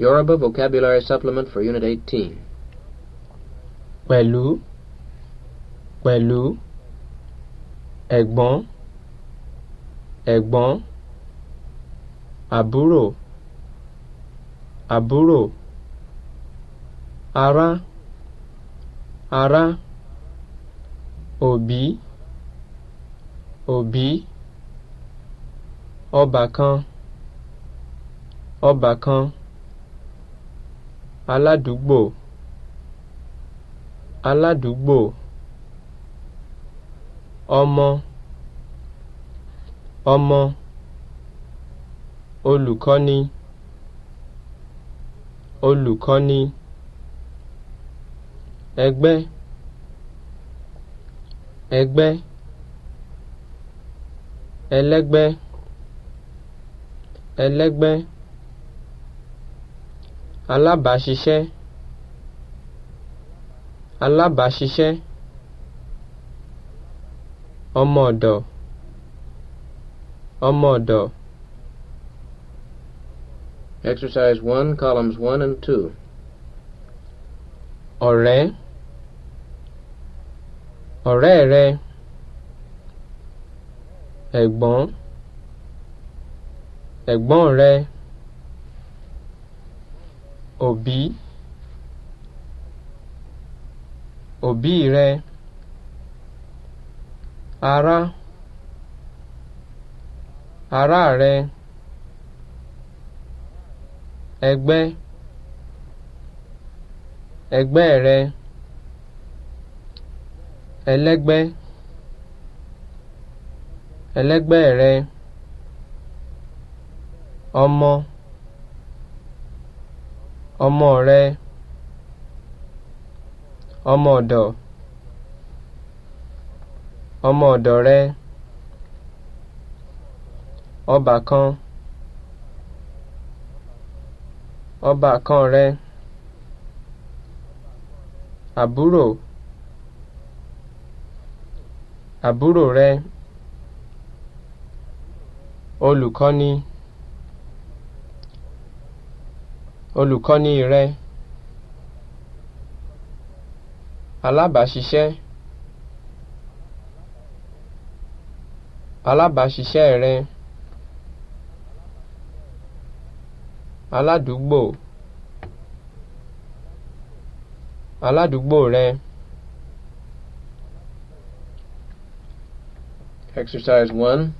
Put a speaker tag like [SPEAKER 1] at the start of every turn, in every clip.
[SPEAKER 1] Yoruba Vocabulary Supplement for Unit 18. Pẹ̀lú pẹ̀lú Egbon, ẹ̀gbọ́n Aburo, àbúrò Ara, ará Obi, òbí Obakan, ọbàkan aládùúgbò aládùúgbò ọmọ ọmọ olùkọ́ni olùkọ́ni ẹgbẹ́ ẹgbẹ́ ẹlẹ́gbẹ́ ẹlẹ́gbẹ́ alábàáṣiṣẹ́ alábàáṣiṣẹ́ ọmọọ̀dọ̀ ọmọọ̀dọ̀. Exercise one, columns one and 2. ọ̀rẹ́ ọ̀rẹ́ rẹ ẹ̀gbọ́n ẹ̀gbọ́n rẹ. òbí òbí rẹ ará ará rẹ ẹgbẹ́ ẹgbẹ́ rẹ ẹlẹ́gbẹ́ ẹlẹ́gbẹ́ rẹ ọmọ. ọmọ rẹ ọmọ ọ̀dọ̀ ọmọ ọ̀dọ̀ rẹ ọbàkan ọbàkan rẹ àbúrò àbúrò rẹ olùkọ́ni. olùkọ́ni rẹ alábàáṣiṣẹ́ alábàáṣiṣẹ́ rẹ aládùúgbò aládùúgbò rẹ. Exercise one.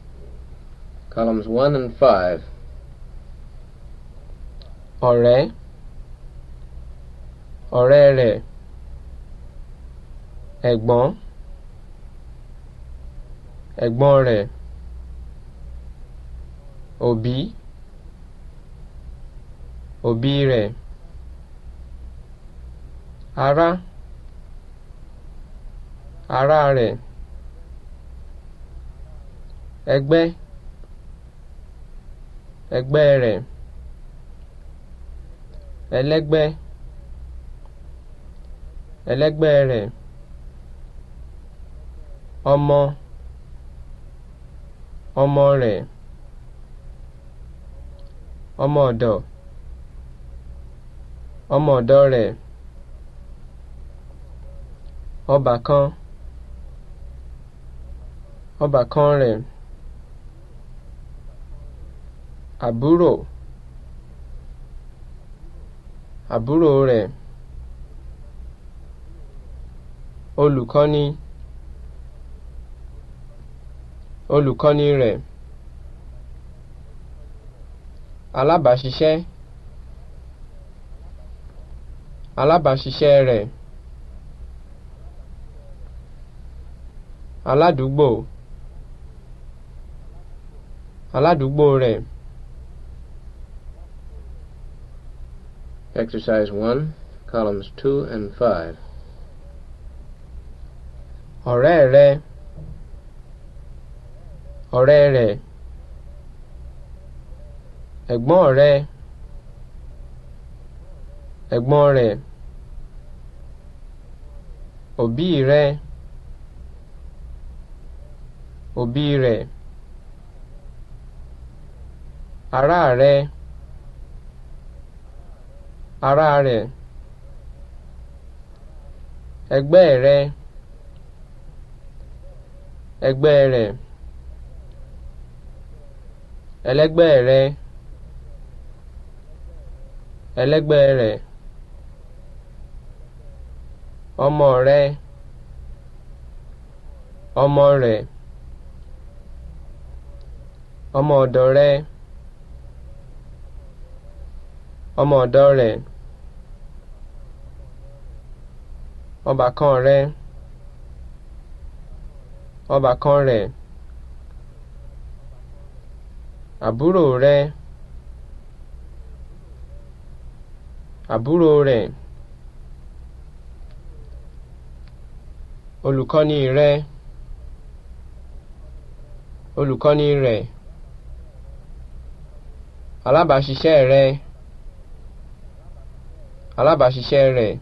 [SPEAKER 1] columns one and five ọ̀rẹ́ ọ̀rẹ́ rẹ̀ ẹ̀gbọ́n ẹ̀gbọ́n rẹ̀ òbí òbí rẹ̀ ará ará rẹ̀ ẹgbẹ́ ẹgbẹ́ rẹ̀. ẹlẹ́gbẹ́ ẹlẹ́gbẹ́ rẹ̀ ọmọ ọmọ rẹ̀ ọmọ ọ̀dọ̀ ọmọ ọ̀dọ̀ rẹ̀ ọbàkan ọbàkan re. àbúrò. àbúrò rẹ̀ olùkọ́ni olùkọ́ni rẹ̀ alábàáṣiṣẹ́ alábàáṣiṣẹ́ rẹ̀ aládùúgbò aládùúgbò rẹ̀. Exercise 1, columns 2 and 5. Orere. Ọ̀rẹ́ egmore, egmore, obire, obire, arare. òbí ara rẹ̀ ẹgbẹ́ rẹ ẹgbẹ́ rẹ̀ ẹlẹ́gbẹ́ rẹ ẹlẹ́gbẹ́ rẹ̀ ọmọ rẹ ọmọ rẹ̀ ọmọ ọdọ rẹ ọmọ ọdọ rẹ̀. ọbàkan rẹ ọbàkan rẹ̀ àbúrò rẹ àbúrò rẹ̀ olùkọ́ni rẹ olùkọ́ni rẹ̀ alábàáṣiṣẹ́ rẹ alábàáṣiṣẹ́ rẹ̀.